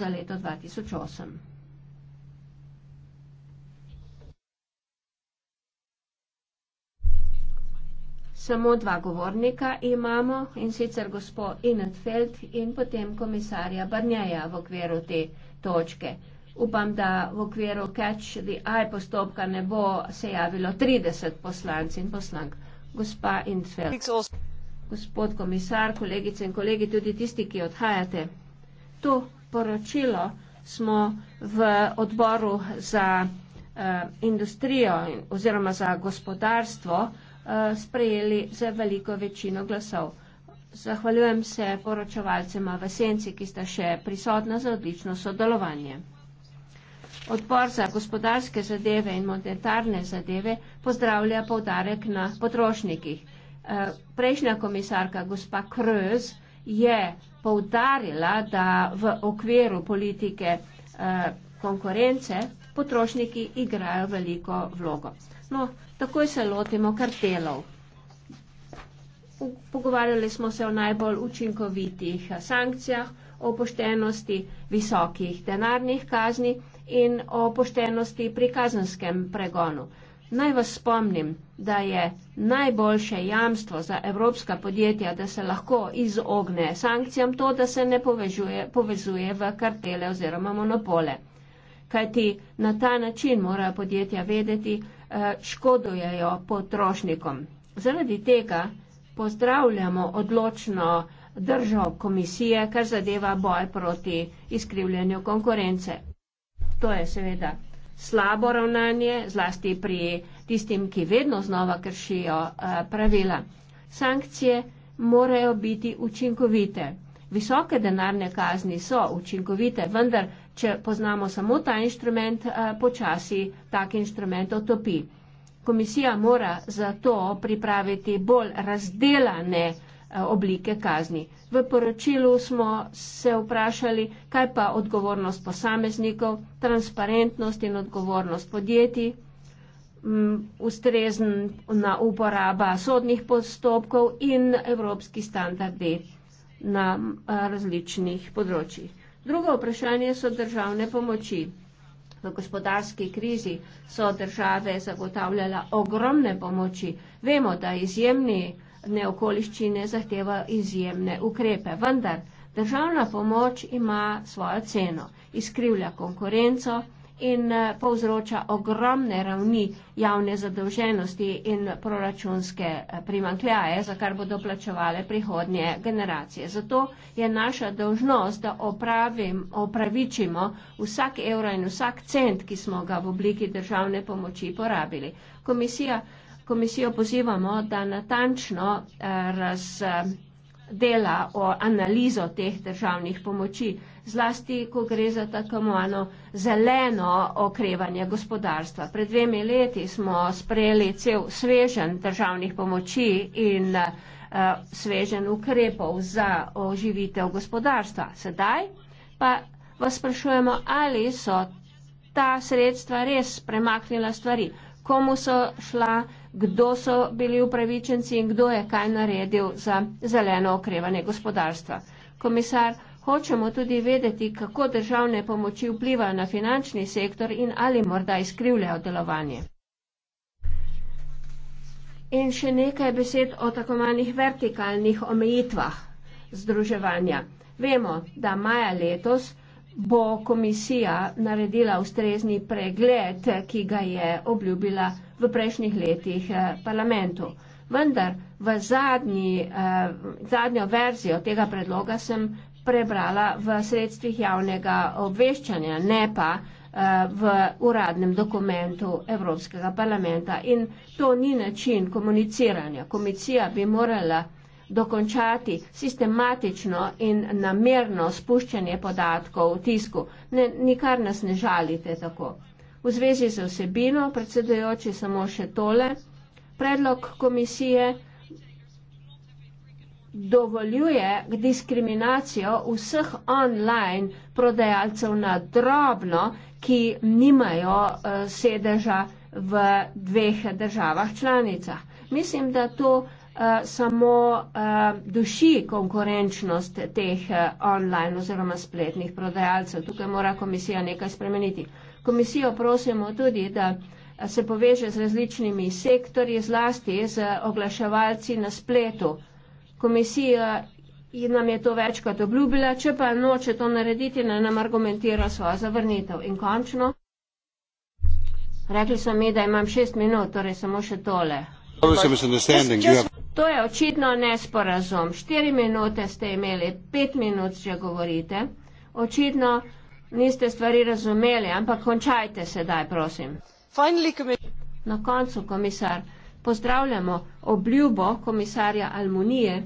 za leto 2008. Samo dva govornika imamo, in sicer gospod Inetfeld in potem komisarja Barnjeja v okviru te točke. Upam, da v okviru Catch the Eye postopka ne bo se javilo 30 poslanc in poslank. Gospa Inetfeld, gospod komisar, kolegice in kolegi, tudi tisti, ki odhajate. To poročilo smo v odboru za eh, industrijo oziroma za gospodarstvo eh, sprejeli za veliko večino glasov. Zahvaljujem se poročevalcema v senci, ki sta še prisotna za odlično sodelovanje. Odbor za gospodarske zadeve in monetarne zadeve pozdravlja podarek na potrošnikih. Eh, prejšnja komisarka gospa Kröz je poudarila, da v okviru politike eh, konkurence potrošniki igrajo veliko vlogo. No, takoj se lotimo kartelov. Pogovarjali smo se o najbolj učinkovitih eh, sankcijah, o poštenosti visokih denarnih kazni in o poštenosti pri kazenskem pregonu. Naj vas spomnim, da je najboljše jamstvo za evropska podjetja, da se lahko izogne sankcijam to, da se ne povežuje, povezuje v kartele oziroma monopole. Kajti na ta način morajo podjetja vedeti, eh, škodujejo potrošnikom. Zaradi tega pozdravljamo odločno držo komisije, kar zadeva boj proti izkrivljanju konkurence. To je seveda slabo ravnanje, zlasti pri tistim, ki vedno znova kršijo eh, pravila. Sankcije morajo biti učinkovite. Visoke denarne kazni so učinkovite, vendar, če poznamo samo ta inštrument, eh, počasi tak inštrument otopi. Komisija mora zato pripraviti bolj razdelane Eh, oblike kazni. V poročilu smo se vprašali, kaj pa odgovornost posameznikov, transparentnost in odgovornost podjetij, mm, ustrezna uporaba sodnih postopkov in evropski standardi na eh, različnih področjih. Drugo vprašanje so državne pomoči. V gospodarski krizi so države zagotavljala ogromne pomoči. Vemo, da izjemni ne okoliščine zahteva izjemne ukrepe. Vendar državna pomoč ima svojo ceno, izkrivlja konkurenco in eh, povzroča ogromne ravni javne zadolženosti in proračunske eh, primankljaje, za kar bodo plačevale prihodnje generacije. Zato je naša dožnost, da opravim, opravičimo vsak evro in vsak cent, ki smo ga v obliki državne pomoči porabili. Komisija komisijo pozivamo, da natančno eh, razdela o analizo teh državnih pomoči, zlasti, ko gre za tako mojeno zeleno okrevanje gospodarstva. Pred dvemi leti smo sprejeli cel svežen državnih pomoči in eh, svežen ukrepov za oživitev gospodarstva. Sedaj pa vas sprašujemo, ali so ta sredstva res premaknila stvari, komu so šla kdo so bili upravičenci in kdo je kaj naredil za zeleno okrevanje gospodarstva. Komisar, hočemo tudi vedeti, kako državne pomoči vplivajo na finančni sektor in ali morda izkrivljajo delovanje. In še nekaj besed o tako manjih vertikalnih omejitvah združevanja. Vemo, da maja letos bo komisija naredila ustrezni pregled, ki ga je obljubila komisija v prejšnjih letih eh, parlamentu. Vendar v zadnji, eh, zadnjo verzijo tega predloga sem prebrala v sredstvih javnega obveščanja, ne pa eh, v uradnem dokumentu Evropskega parlamenta. In to ni način komuniciranja. Komisija bi morala dokončati sistematično in namerno spuščanje podatkov v tisku. Ne, nikar nas ne žalite tako. V zvezi z vsebino predsedujoči samo še tole. Predlog komisije dovoljuje diskriminacijo vseh online prodajalcev na drobno, ki nimajo eh, sedeža v dveh državah članicah. Mislim, da to eh, samo eh, duši konkurenčnost teh online oziroma spletnih prodajalcev. Tukaj mora komisija nekaj spremeniti. Komisijo prosimo tudi, da se poveže z različnimi sektorji, zlasti z oglaševalci na spletu. Komisija nam je to večkrat obljubila, če pa noče to narediti, naj nam argumentira svojo zavrnitev. In končno. Rekli so mi, da imam šest minut, torej samo še tole. To je očitno nesporazum. Štiri minute ste imeli, pet minut, če govorite. Očitno niste stvari razumeli, ampak končajte sedaj, prosim. Finally, Na koncu, komisar, pozdravljamo obljubo komisarja Almunije,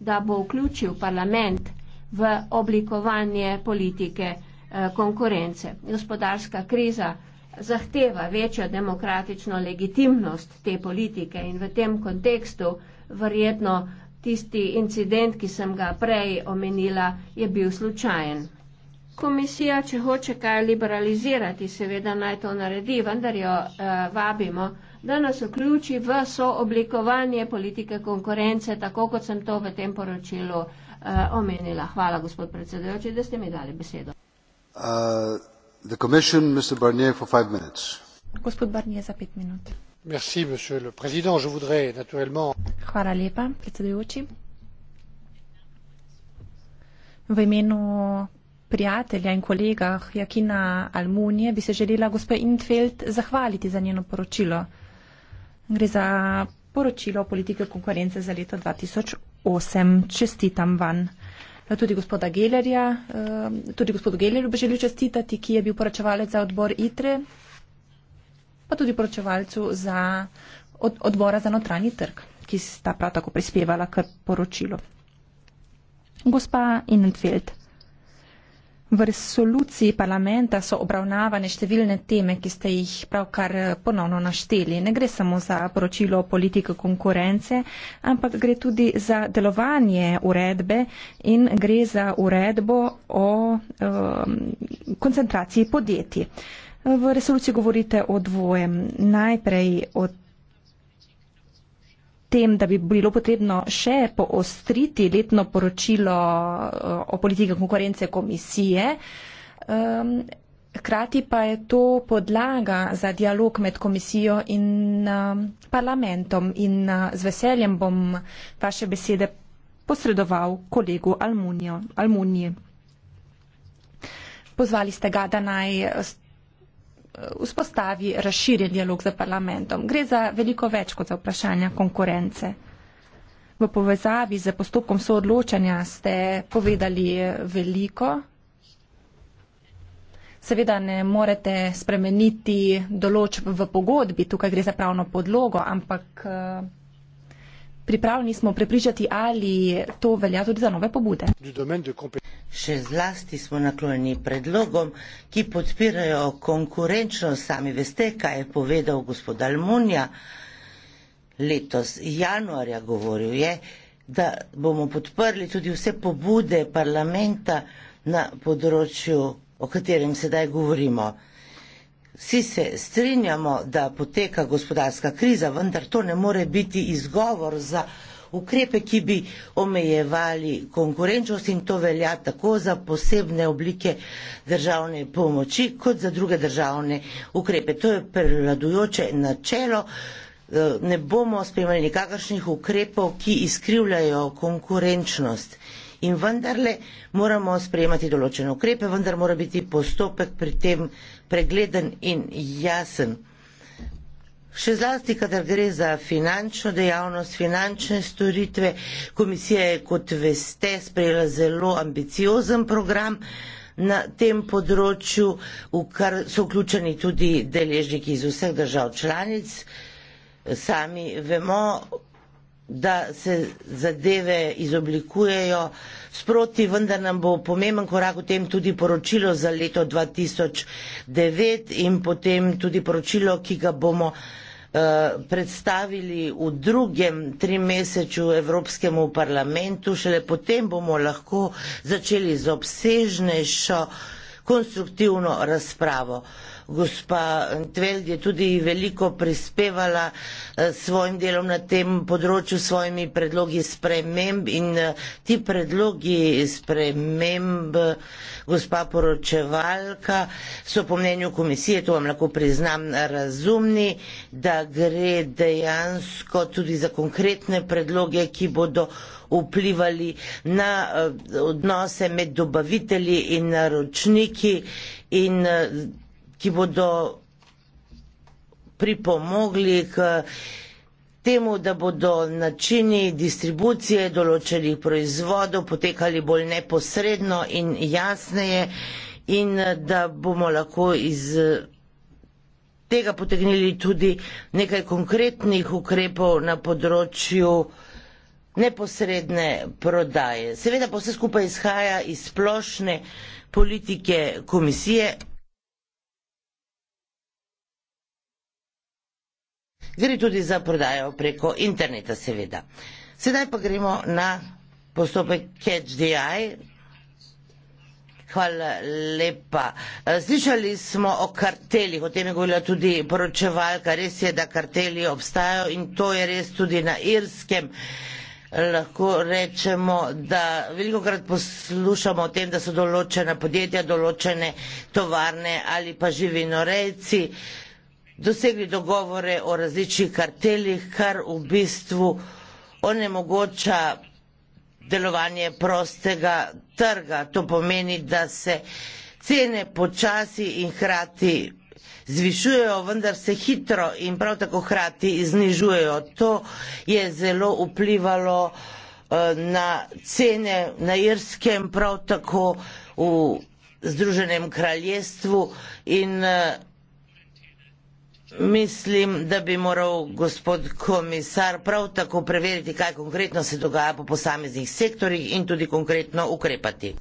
da bo vključil parlament v oblikovanje politike eh, konkurence. Gospodarska kriza zahteva večjo demokratično legitimnost te politike in v tem kontekstu verjetno tisti incident, ki sem ga prej omenila, je bil slučajen komisija, če hoče kaj liberalizirati, seveda naj to naredi, vendar jo uh, vabimo, da nas vključi v sooblikovanje politike konkurence, tako kot sem to v tem poročilu uh, omenila. Hvala, gospod predsedujoči, da ste mi dali besedo. Uh, Barnier, gospod Barnier za pet minut. Merci, le Je naturellement... Hvala lepa, predsedujoči. V imenu prijatelja in kolega Jakina Almunije bi se želela gospe Intfeld zahvaliti za njeno poročilo. Gre za poročilo o politike konkurence za leto 2008. Čestitam van. Tudi gospoda Gelerja, eh, tudi gospodu Gelerju bi želel čestitati, ki je bil poročevalec za odbor ITRE, pa tudi poročevalcu za odbora za notranji trg, ki sta prav tako prispevala k poročilu. Gospa Innenfeld. V resoluciji parlamenta so obravnavane številne teme, ki ste jih pravkar eh, ponovno našteli. Ne gre samo za poročilo politike konkurence, ampak gre tudi za delovanje uredbe in gre za uredbo o um, koncentraciji podjetij. V resoluciji govorite o dvojem. Najprej o tem, da bi bilo potrebno še poostriti letno poročilo eh, o politiki konkurence komisije. Ehm, hkrati pa je to podlaga za dialog med komisijo in ehm, parlamentom in eh, z veseljem bom vaše besede posredoval kolegu Almunijo, Almuniji. Pozvali ste ga, da naj vzpostavi razširjen dialog za parlamentom. Gre za veliko več kot za vprašanja konkurence. V povezavi z postopkom soodločanja ste povedali veliko. Seveda ne morete spremeniti določb v pogodbi, tukaj gre za pravno podlogo, ampak eh, pripravljeni smo prepričati, ali to velja tudi za nove pobude. Še zlasti smo naklonjeni predlogom, ki podpirajo konkurenčnost. Sami veste, kaj je povedal gospod Almunja letos januarja govoril je, da bomo podprli tudi vse pobude parlamenta na področju, o katerem sedaj govorimo. Vsi se strinjamo, da poteka gospodarska kriza, vendar to ne more biti izgovor za ukrepe, ki bi omejevali konkurenčnost in to velja tako za posebne oblike državne pomoči kot za druge državne ukrepe. To je prevladujoče načelo. Eh, ne bomo sprejemali nikakršnih ukrepov, ki izkrivljajo konkurenčnost in vendarle moramo sprejemati določene ukrepe, vendar mora biti postopek pri tem pregleden in jasen. Še zlasti, kadar gre za finančno dejavnost, finančne storitve, komisija je, kot veste, sprejela zelo ambiciozen program na tem področju, v kar so vključeni tudi deležniki iz vseh držav članic. Sami vemo, da se zadeve izoblikujejo sproti, vendar nam bo pomemben korak v tem tudi poročilo za leto 2009 in potem tudi poročilo, ki ga bomo eh, predstavili v drugem trimesečju Evropskemu parlamentu, šele potem bomo lahko začeli z obsežnejšo konstruktivno razpravo gospa Tveld je tudi veliko prispevala s eh, svojim delom na tem področju, s svojimi predlogi sprememb in eh, ti predlogi sprememb, gospa poročevalka, so po mnenju komisije, to vam lahko priznam, razumni, da gre dejansko tudi za konkretne predloge, ki bodo vplivali na eh, odnose med dobavitelji in naročniki in ki bodo pripomogli k temu, da bodo načini distribucije določenih proizvodov potekali bolj neposredno in jasneje in da bomo lahko iz tega potegnili tudi nekaj konkretnih ukrepov na področju neposredne prodaje. Seveda pa vse skupaj izhaja iz splošne politike komisije, Gre tudi za prodajo preko interneta, seveda. Sedaj pa gremo na postopek CatchDI. Hvala lepa. Eh, slišali smo o kartelih, o tem je govorila tudi poročevalka. Res je, da karteli obstajajo in to je res tudi na Irskem. Lahko rečemo, da veliko krat poslušamo o tem, da so določena podjetja, določene tovarne ali pa živinorejci dosegli dogovore o različnih karteljih, kar v bistvu onemogoča delovanje prostega trga. To pomeni, da se cene počasi in hkrati zvišujejo, vendar se hitro in prav tako hkrati znižujejo. To je zelo vplivalo eh, na cene na Irskem, prav tako v Združenem kraljestvu in eh, Mislim, da bi moral gospod komisar prav tako preveriti, kaj konkretno se dogaja po posameznih sektorjih in tudi konkretno ukrepati.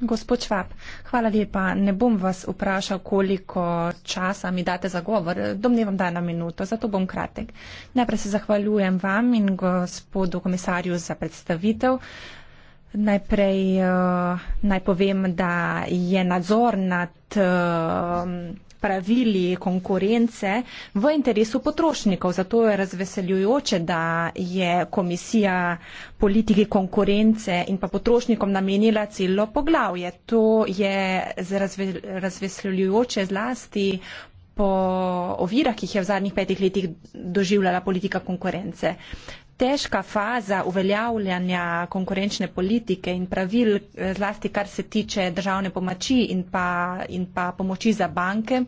Gospod Švab, hvala lepa. Ne bom vas vprašal, koliko časa mi date za govor. Domnevam, da je na minuto, zato bom kratek. Najprej se zahvaljujem vam in gospodu komisarju za predstavitev. Uh, Najprej uh, naj povem, da je nadzor nad uh, pravili konkurence v interesu potrošnikov. Zato je razveseljujoče, da je komisija politiki konkurence in pa potrošnikom namenila celo poglavje. To je razve, razveseljujoče zlasti po ovirah, ki jih je v zadnjih petih letih doživljala politika konkurence težka faza uveljavljanja konkurenčne politike in pravil, eh, zlasti kar se tiče državne pomoči in pa, in pa pomoči za banke,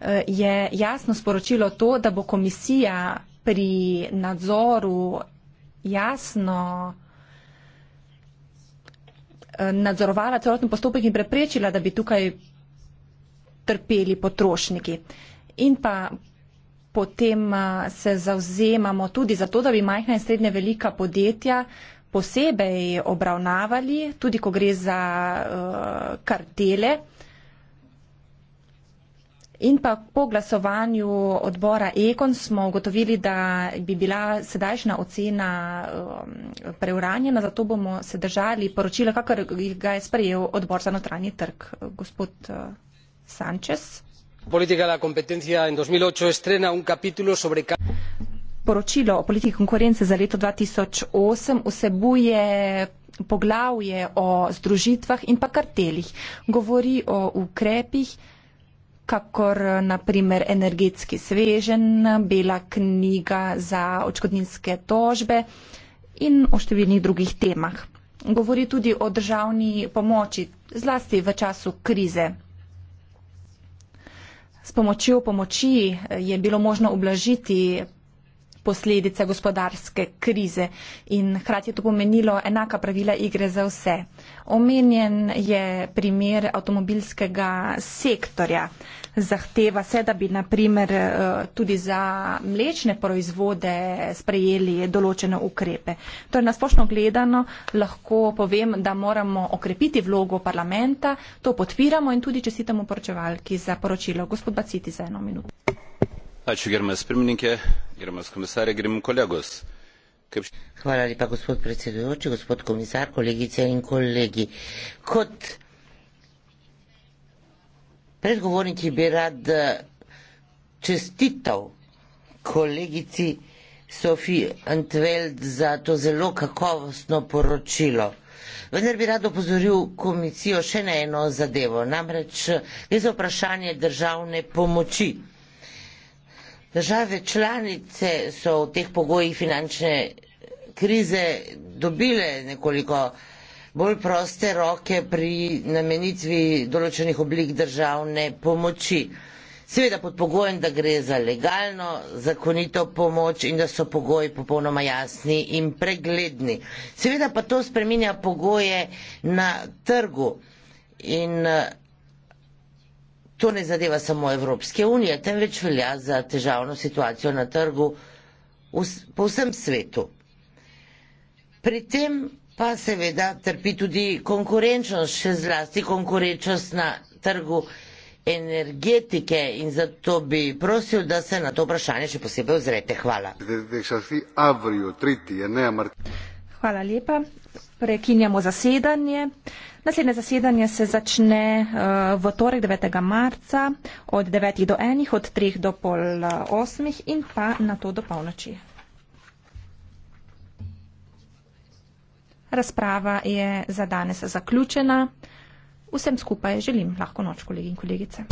eh, je jasno sporočilo to, da bo komisija pri nadzoru jasno eh, nadzorovala celoten postopek in preprečila, da bi tukaj trpeli potrošniki. In pa potem se zauzemamo tudi za to, da bi majhna in srednje velika podjetja posebej obravnavali, tudi ko gre za uh, e, kartele. In pa po glasovanju odbora Ekon smo ugotovili, da bi bila sedajšnja ocena um, preuranjena, zato bomo se držali poročila, kakor ga je sprejel odbor za notranji trg. Gospod uh, Sanchez politica della competenza in 2008 estrena un capitolo sobre Poročilo o politiki konkurence za leto 2008 vsebuje poglavje o združitvah in pa kartelih. Govori o ukrepih, kakor naprimer energetski svežen, bela knjiga za očkodninske tožbe in o številnih drugih temah. Govori tudi o državni pomoči, zlasti v času krize. S pomočjo pomoči eh, je bilo možno ublažiti posledice gospodarske krize in hkrati je to pomenilo enaka pravila igre za vse. Omenjen je primer avtomobilskega sektorja. Zahteva se, da bi naprimer eh, tudi za mlečne proizvode sprejeli določene ukrepe. Torej, nasplošno gledano lahko povem, da moramo okrepiti vlogo parlamenta, to podpiramo in tudi čestitamo poročevalki za poročilo. Gospod Baciti za eno minuto. Hvala lepa, gospod predsedujoči, gospod komisar, kolegice in kolegi. Kot predgovorniki bi rad čestitev kolegici Sofi Antveld za to zelo kakovostno poročilo. Vendar bi rad opozoril komisijo še na eno zadevo, namreč je za vprašanje državne pomoči. Države članice so v teh pogojih finančne krize dobile nekoliko bolj proste roke pri namenitvi določenih oblik državne pomoči. Seveda pod pogojem, da gre za legalno, zakonito pomoč in da so pogoji popolnoma jasni in pregledni. Seveda pa to spreminja pogoje na trgu in To ne zadeva samo Evropske unije, temveč velja za težavno situacijo na trgu po vsem svetu. Pri tem pa seveda trpi tudi konkurenčnost, še zlasti konkurenčnost na trgu energetike in zato bi prosil, da se na to vprašanje še posebej ozrete. Hvala. Hvala lepa. Prekinjamo zasedanje. Naslednje zasedanje se začne uh, v torek 9. marca od 9. do 1. od 3. do pol 8. Eh, in pa na to do polnoči. Razprava je za danes zaključena. Vsem skupaj želim lahko noč, kolegi in kolegice.